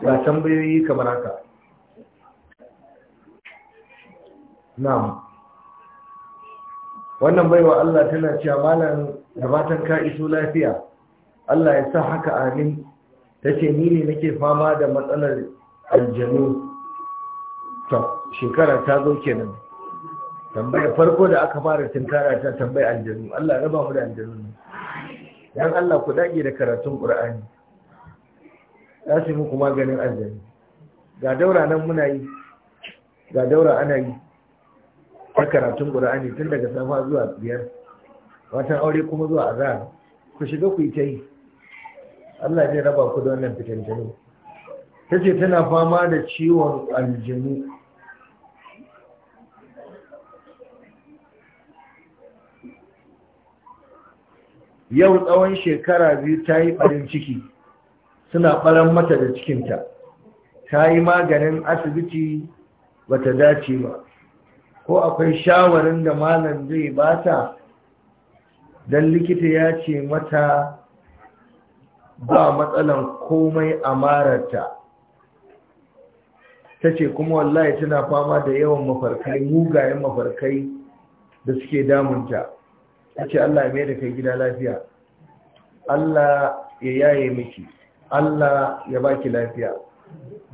ga tambayoyi kamar haka na'am wannan baiwa Allah tana cewa malam gabatan ka iso lafiya Allah ya sa haka amin tace ni ne nake fama da matsalar aljanu to shekara ta zo kenan tambaya farko da aka fara tunkara ta tambaya aljanu Allah ya raba mu da aljanu dan Allah ku dage da karatun Qur'ani za su muku maganin aljani ga daura nan muna yi ga daura ana yi ta karatun ƙura'ani tun daga safa zuwa biyar watan aure kuma zuwa azhar ku shiga ku yi ta yi Allah zai raba ku da wannan fitintanu ta ce tana fama da ciwon aljinu yau tsawon shekara biyu ta yi ɓarin ciki suna ɓaran mata da cikinta ta yi maganin asibiti ba ta dace ba ko akwai shawarin da malam zai ba ta don likita ya ce mata ba matsalan komai a mararta ta ce kuma wallahi tana fama da yawan mafarkai mugayen mafarkai da suke damunta ta ce allah mai da kai gida lafiya allah ya yaye miki Allah ya baki lafiya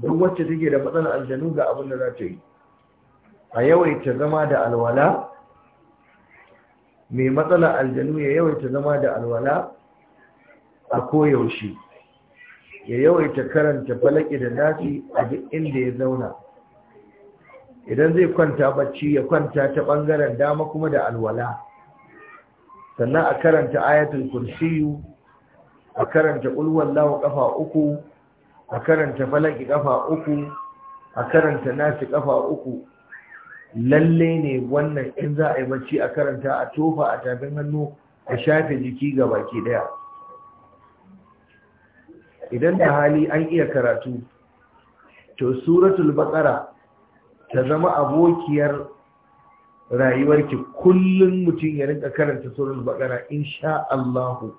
duk wacce take da matsalar aljanu ga abin da za ta yi a yawaita zama da alwala mai matsalar aljanu ya yawaita zama da alwala a koyaushe ya yawaita karanta falaki da nasi a duk inda ya zauna idan zai kwanta bacci ya kwanta ta bangaren dama kuma da alwala sannan a karanta ayatul kursiyu a karanta lawa kafa uku a karanta falaki kafa uku a karanta nasi kafa uku lalle ne wannan in za a yi bacci a karanta a tofa a tafin hannu a shafe jiki ga baki daya idan da hali an iya karatu to suratul baqara ta zama abokiyar rayuwarki kullum mutum ya rinka karanta suratul baqara insha Allahu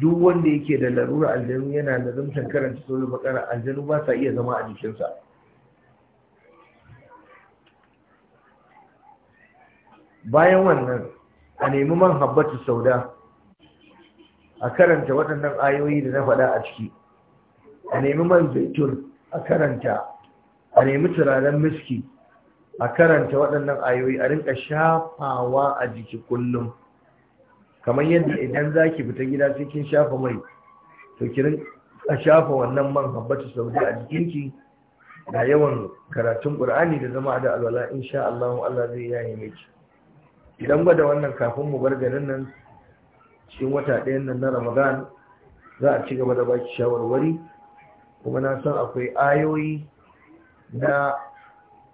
duk wanda yake da larura aljanu yana da zamtan karanta sura bakara aljanu ba sa iya zama a jikinsa bayan wannan a nemi man habbatu sauda a karanta waɗannan ayoyi da na faɗa a ciki a nemi man zaitun a karanta a nemi turaren miski a karanta waɗannan ayoyi a rinka shafawa a jiki kullum kamar yadda idan za ki fita gida sai kin shafa mai to kirin a shafa wannan man habbatu saudi a jikinki da yawan karatun qur'ani da zama da alwala insha Allah Allah zai yaye miki idan ba da wannan kafin mu bar garin nan cikin wata ɗayan nan na Ramadan za a ci gaba da baki shawarwari kuma na san akwai ayoyi na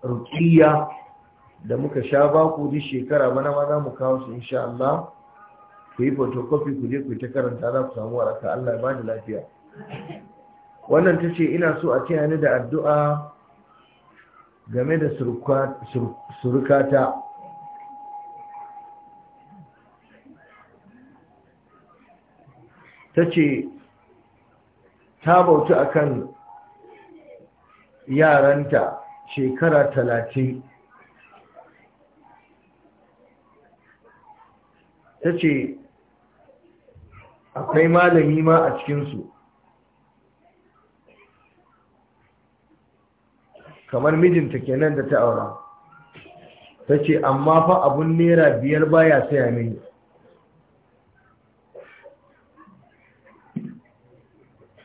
ruqiyya da muka sha baku duk shekara bana ma za mu kawo su insha Allah ku yi photocopy ku je ku ta karanta za ku samu waraka Allah ya bada lafiya wannan ta ce ina so a taya ni da addu'a game da surukata ta ce ta bautu a kan yaranta shekara talatin ta ce akwai malami ma a cikinsu kamar mijinta kenan da ta aura ta ce amma fa abun naira biyar baya saya mini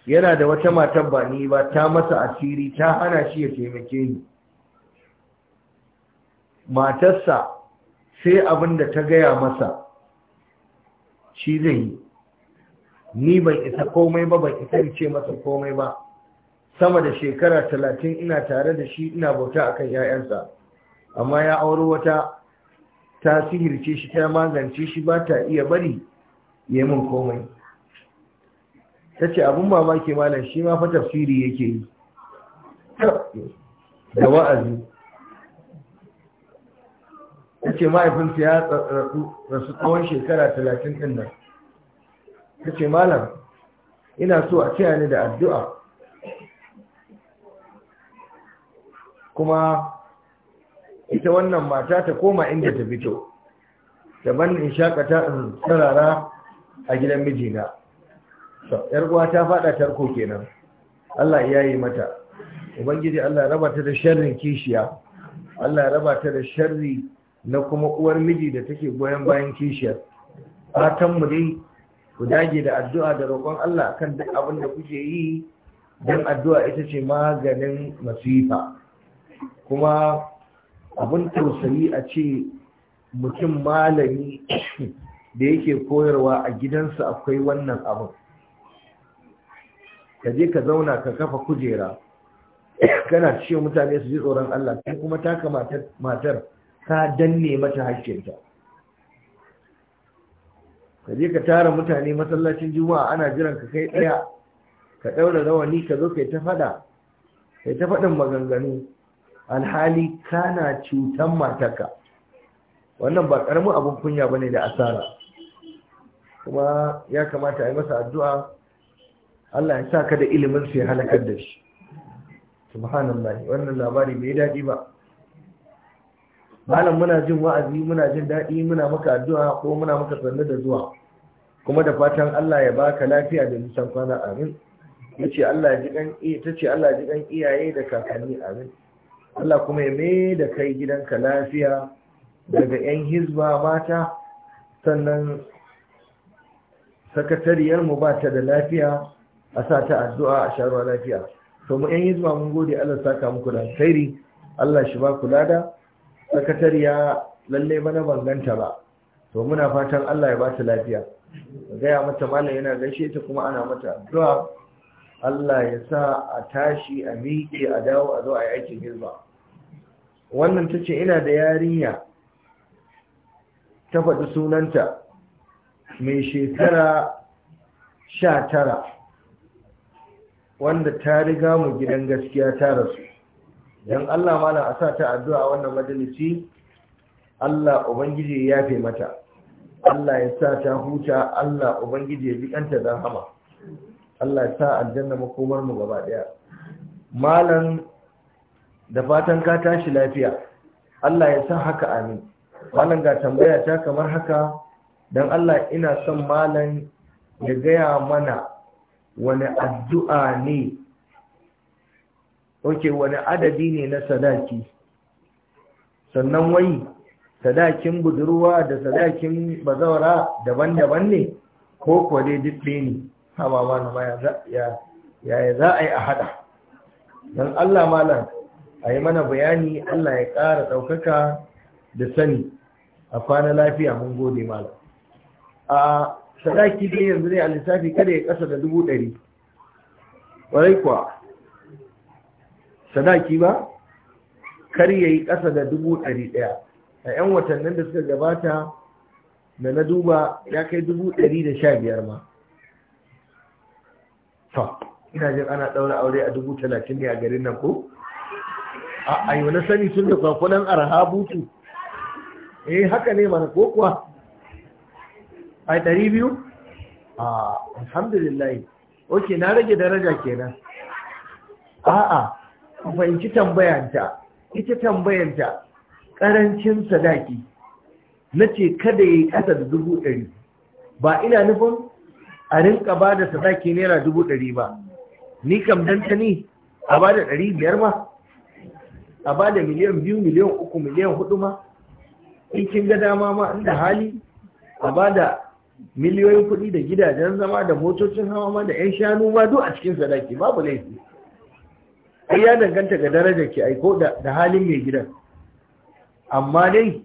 yana da wata matar ba ni ba ta masa asiri ta hana shi ya taimake ni matarsa sai abin da ta gaya masa shi zai yi ni ban isa komai ba ban isa in ce masa komai ba sama da shekara talatin ina tare da shi ina bauta a kan 'ya'yansa amma ya auri wata ta sihirce shi ta magance shi ba ta iya bari ya yi min komai ta ce abin mamaki malam shi ma fa tafsiri yake yi da wa'azi ta ce mahaifinsa ya rasu tsawon shekara talatin ɗin nan ta ce malam ina so a taya ni da addu'a kuma ita wannan mata ta koma inda ta fito daban in shakata in tsarara a gidan mijina uwa ta fada tarko kenan Allah ya yi mata ubangiji Allah ya raba ta da sharrin kishiya Allah ya raba ta da sharri na kuma uwar miji da take goyon bayan kishiyar fatan mu ku dage da addu'a da roƙon Allah kan duk abin da kuke yi don addu'a ita ce maganin masifa kuma abin tausayi a ce mutum malami da yake koyarwa a gidansa akwai wannan abin ka je ka zauna ka kafa kujera kana ce mutane su ji tsoron Allah kuma taka matar ka danne mata hakkinta ka je ka tara mutane masallacin juma'a ana jiran ka kai ɗaya ka ɗaura rawani ka zo kai ta faɗa kai ta faɗin maganganu alhali kana cutan mataka. wannan ba ƙaramin abin kunya ba ne da asara kuma ya kamata a yi masa addu'a Allah ya sa ka da ilimin ya halakar da shi subhanallah wannan labari bai daɗi ba malam muna jin wa'azi muna jin daɗi muna maka addu'a ko muna maka sanna da zuwa kuma da fatan Allah ya baka lafiya da nisan kwana amin yace Allah ya ji dan ta ce Allah ya ji dan iyaye da kakanni amin Allah kuma ya mai da kai gidanka lafiya daga yan hizba mata sannan sakatariyar mu ba ta da lafiya a sa ta addu'a a sharuwa lafiya to mu yan hizba mun gode Allah saka muku da kairi. Allah shi ba ku lada sakatariya lalle bana banganta ba to muna fatan Allah ya ba ta lafiya gaya mata malam yana gaishe ta kuma ana mata addu'a Allah ya sa a tashi a miƙe a dawo a zo a yi aikin hizba wannan tace ina da yarinya ta faɗi sunanta mai shekara sha tara wanda ta riga mu gidan gaskiya ta rasu don Allah malam a sa ta addu'a wannan majalisi Allah ubangiji ya yafe mata Allah ya sa ta huta Allah ubangiji ya jikanta da hama Allah ya sa aljanna makomar mu gaba daya malam da fatan ka tashi lafiya Allah ya sa haka amin malam ga tambaya ta kamar haka don Allah ina son malam ya gaya mana wani addu'a ne ok wani adadi ne na sadaki sannan wai sadakin budurwa da sadakin bazawara daban-daban ne ko kuwa dai duk ne haba mana ma yaya za a yi a hada don allah malar a yi mana bayani allah ya ƙara ɗaukaka da sani a kwana lafiya mun gode malam a sadaki dai yanzu ne a lissafi kada ya ƙasa da dubu ɗari ƙwarai kuwa sadaki ba kar ya yi ƙasa da dubu ɗari ɗaya a 'yan watannin da suka gabata da na duba ya kai dubu ɗari da sha biyar ma to ina jin ana ɗaura aure a dubu talatin ne a garin nan ko a yau na sani sun da kwakwunan arha butu eh haka ne mana ko kuwa a ɗari biyu a alhamdulillah ok na rage daraja kenan a'a ku fahimci tambayanta ita tambayanta ƙarancin sadaki na ce kada ya yi ƙasa da dubu ɗari ba ina nufin a rinka ba da sadaki naira dubu ɗari ba ni kam ta dantani a ba da ɗari biyar ma a ba da miliyan biyu miliyan uku miliyan hudu ma in kin ga dama ma inda hali a ba da miliyoyin kuɗi da gidajen zama da motocin hawa ma da 'yan shanu ma duk a cikin sadaki babu laifi ai ya danganta ga darajar ki aiko da halin mai gidan amma dai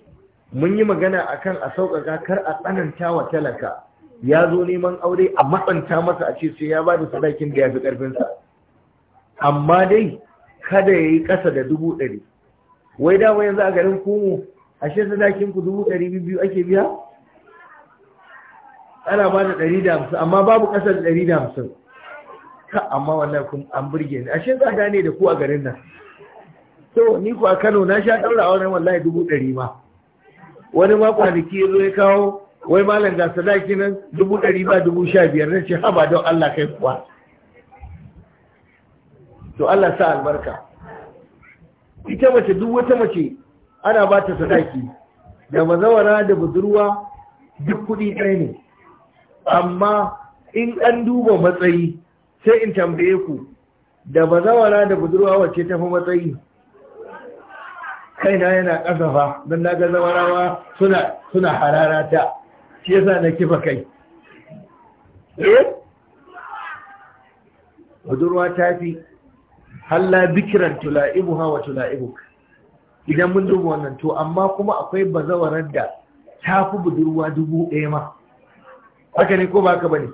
mun yi magana akan a sauƙaƙa kar a tsananta wa talaka ya zo neman aure a matsanta masa a ce sai ya ba da sadakin da ya fi ƙarfinsa amma dai kada ya yi ƙasa da dubu ɗari wai dama yanzu a garin kumu ashe sadakin ku dubu ɗari biyu ake biya ana ba da ɗari da hamsin amma babu ƙasa da ɗari da hamsin ka amma wannan kun an burge ni ashe za gane da ku a garin nan to ni ku a Kano na sha daura wannan wallahi dubu ɗari ma wani ma kwanaki yazo ya kawo wai malam ga sadaki nan dubu ɗari ba dubu sha biyar na ce haba don Allah kai kuwa to Allah sa albarka ita mace duk wata mace ana ba ta sadaki da mazawara da budurwa duk kuɗi ɗaya ne amma in an duba matsayi sai in tambaye ku da bazawara da budurwa wacce ta fi matsayi kaina yana ƙasafa don na ga zawarawa suna harara ta shi yasa na kifa kai eh budurwa ta fi halla bikiran hawa wa tula'ibuk idan mun dubu wannan to amma kuma akwai bazawarar da ta fi budurwa dubu ɗaya ma haka ne ko ba ka bane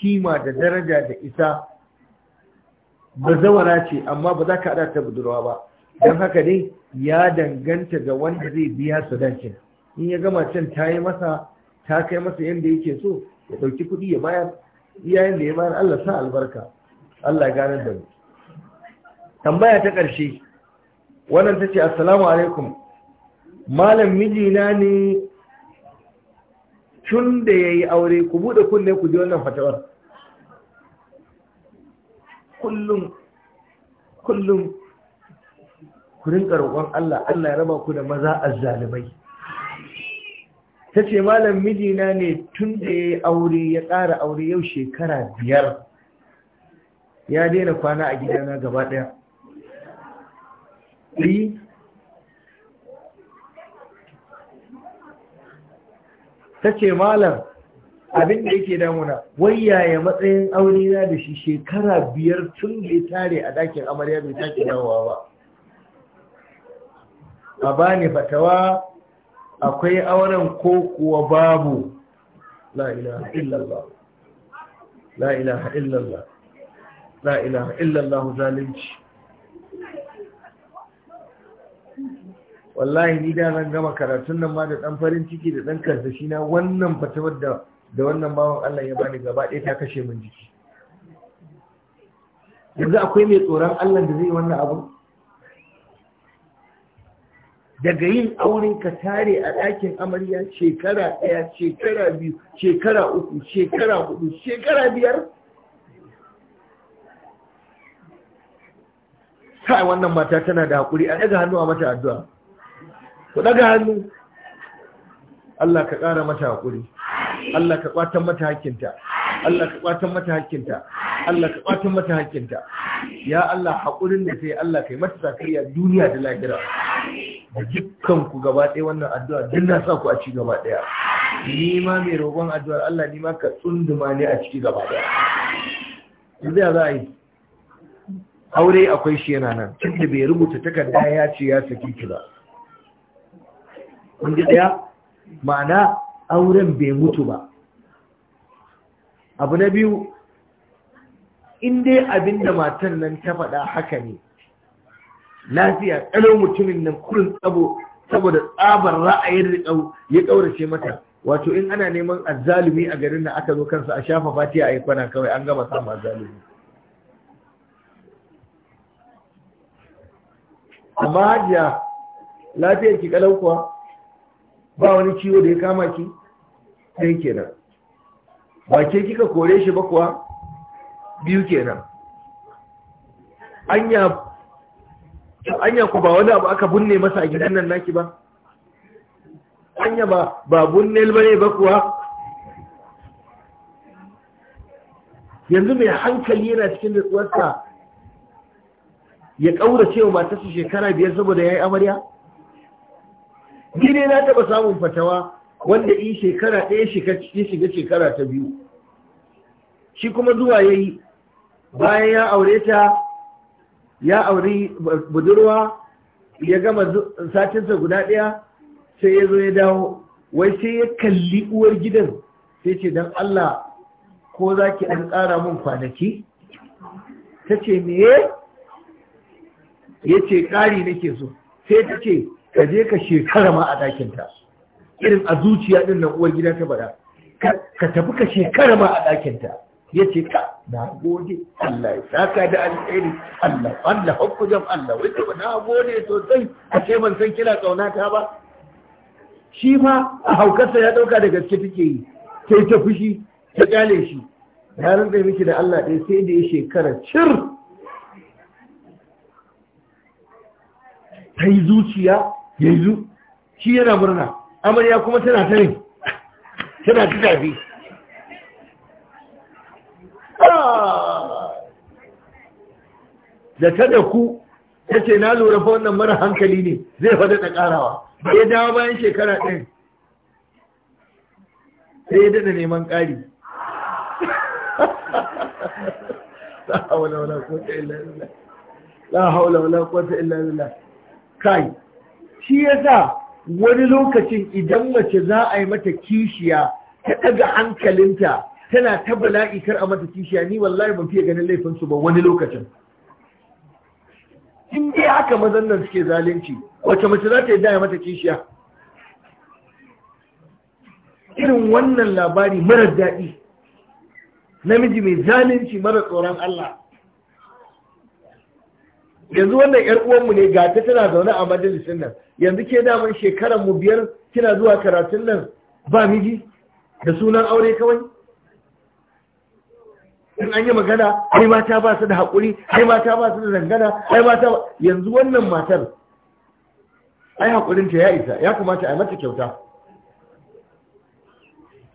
kima da daraja da isa zawara ce amma ba za ka haɗa ta budurwa ba don haka ne ya danganta ga wanda zai biya su sadakin in ya gama can ta yi masa ta kai masa yadda yake so ya ɗauki kuɗi ya bayar iyayen da ya bayar Allah sa albarka Allah ya ganar da mu tambaya ta ƙarshe wannan ta ce assalamu alaikum malam mijina ne tun da ya yi aure ku buɗe kunne ku ji wannan fatawar kullum kullum ku rinka roƙon Allah Allah ya raba ku da maza azzalimai tace ce malam mijina ne tun da ya aure ya ƙara aure yau shekara biyar ya daina kwana a gidana gaba ɗaya ta ce malam abin da yake damuna wai yaya matsayin aure na da shi shekara biyar tun da ya tare a dakin amarya bai take dawowa ba a bani fatawa akwai auren ko kuwa babu la ilaha illallah la zalunci wallahi ni da nan gama karatun nan ma da dan farin ciki da ɗan karsashi na wannan fatawar da da wannan bawan Allah ya bani gaba ɗaya ta kashe min jiki yanzu akwai mai tsoron Allah da zai wannan abu daga yin auren ka tare a ɗakin amarya shekara ɗaya shekara biyu shekara uku shekara hudu shekara biyar kai wannan mata tana da haƙuri a ɗaga hannu a mata addu'a ku ɗaga hannu Allah ka ƙara mata haƙuri Allah ka kwatan mata hakkinta Allah ka kwatan mata hakkinta Allah ka kwatan mata hakkinta ya Allah hakurin da sai Allah kai mata zakariya duniya da lahira da dukkan ku gaba ɗaya wannan addu'a duk na sa ku a ci gaba ɗaya ni ma mai roƙon addu'ar Allah ni ma ka tsunduma ne a ciki gaba ɗaya yanzu ya za a yi aure akwai shi yana nan tunda bai rubuta takarda ya ce ya saki ki ba kun ji ma'ana auren bai mutu ba abu na biyu in dai abin da matan nan ta faɗa haka ne lafiya ƙalau mutumin nan kurin tsabo saboda tsabar ra'ayin riƙau ya ƙaurace mata wato in ana neman azzalumi a garin da aka zo kansa a shafa fati a kwana kawai an gama samun azzalumi amma hajiya lafiyar ki kalau kuwa ba wani ciwo da ya kama ki sai kenan ba ke kika kore shi ba kuwa biyu kenan anya ku ba wani abu aka binne masa a gidan nan naki ba anya ba ba bunne bane ba kuwa yanzu mai hankali yana cikin da tsuwarsa ya ƙaura cewa matarsa shekara biyar saboda ya yi amarya ni ne na taɓa samun fatawa wanda in shekara ɗaya shiga shekara ta biyu shi kuma zuwa ya yi bayan ya aure ta ya auri budurwa ya gama satinsa guda ɗaya sai ya zo ya dawo wai sai ya kalli uwar gidan sai ce don Allah ko za ki an ƙara mun kwanaki ta ce me ya ce ƙari nake so sai ta ce ka je ka shekara ma a ɗakinta irin a zuciya ɗin nan uwar gida ta bada ka tafi ka shekara ma a ɗakinta ya ce ka na gode Allah ya saka da alheri Allah Allah Jam' Allah wai to na gode sosai a ce ban san kina ta ba shi ma a haukarsa ya ɗauka da gaske take yi sai ta fushi ta kyale shi ya rinka miki da Allah ɗaya sai da ya shekara cir ta yi zuciya ya zu shi yana murna amarya kuma tana ta ne tana ta tafi ah! da ta da ku ta ce na lura fa wannan mara hankali ne zai fada da karawa ya dawo bayan shekara ɗin sai ya daɗa neman ƙari la haula wala quwwata illa billah la haula wala quwwata illa billah kai shi yasa wani lokacin idan mace za a yi mata kishiya ta ɗaga hankalinta tana ta bala'i kar a mata kishiya ni wallahi ban fiye ganin su ba wani lokacin in dai haka mazan nan suke zalunci wace mace za ta yi daya mata kishiya irin wannan labari mara daɗi namiji mai zalunci mara tsoron Allah yanzu wannan yar uwanmu ne ga ta tana zaune a majalisin nan yanzu ke daman shekaran mu biyar kina zuwa karatun nan ba miji da sunan aure kawai in an yi magana ai mata ba su da haƙuri ai mata ba su da dangana ai mata yanzu wannan matar ai haƙurinta ya isa ya kamata a mata kyauta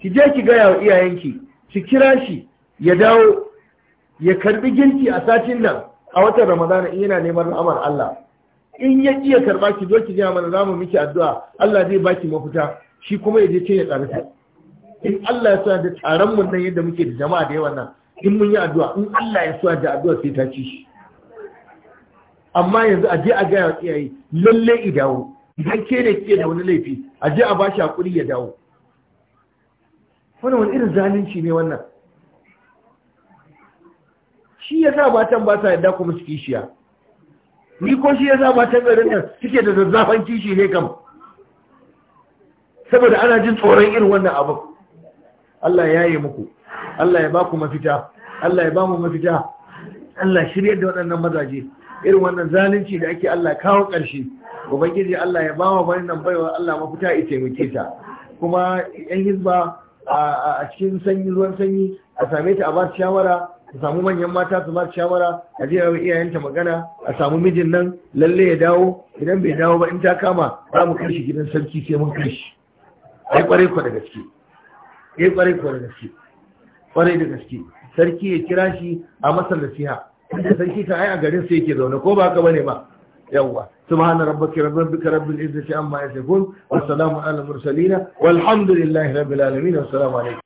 ki je ki gaya wa iyayenki ki kira shi ya dawo ya karbi girki a satin nan a watan ramadana in yana neman rahmar Allah in ya iya karba ki zo ki ga mana zamu miki addu'a Allah zai baki mafita shi kuma ya je ce ya tsare in Allah ya sa da taron mun nan yadda muke da jama'a da yawan nan in mun yi addu'a in Allah ya sa da addu'a sai ta ci shi amma yanzu a je a ga iyaye lalle i dawo idan ke ne ke da wani laifi a je a bashi hakuri ya dawo wannan wani irin zalunci ne wannan shi ya sa matan ba sa yadda kuma su kishiya ni ko shi ya sa matan garin nan suke da zazzafan kishi ne kam saboda ana jin tsoron irin wannan abu Allah ya yi muku Allah ya ba ku mafita Allah ya ba mu mafita Allah shirya da waɗannan mazaje irin wannan zalunci da ake Allah kawo ƙarshe ubangiji Allah ya ba wa wannan baiwa Allah mafita ya taimake ta kuma yan hizba a cikin sanyi ruwan sanyi a same ta a ba shawara ta samu manyan mata su masu shawara a je wa iyayenta magana a samu mijin nan lalle ya dawo idan bai dawo ba in ta kama za mu karshe gidan sarki sai mun karshe ai kwarai ku da gaske ai kwarai ku da gaske kwarai da gaske sarki ya kira shi a da siha inda sarki ta ai a garin sai yake zaune ko ba ka bane ba yawwa سبحان ربك رب rabbil رب amma عما يصفون والسلام على المرسلين walhamdulillahi لله رب العالمين والسلام عليكم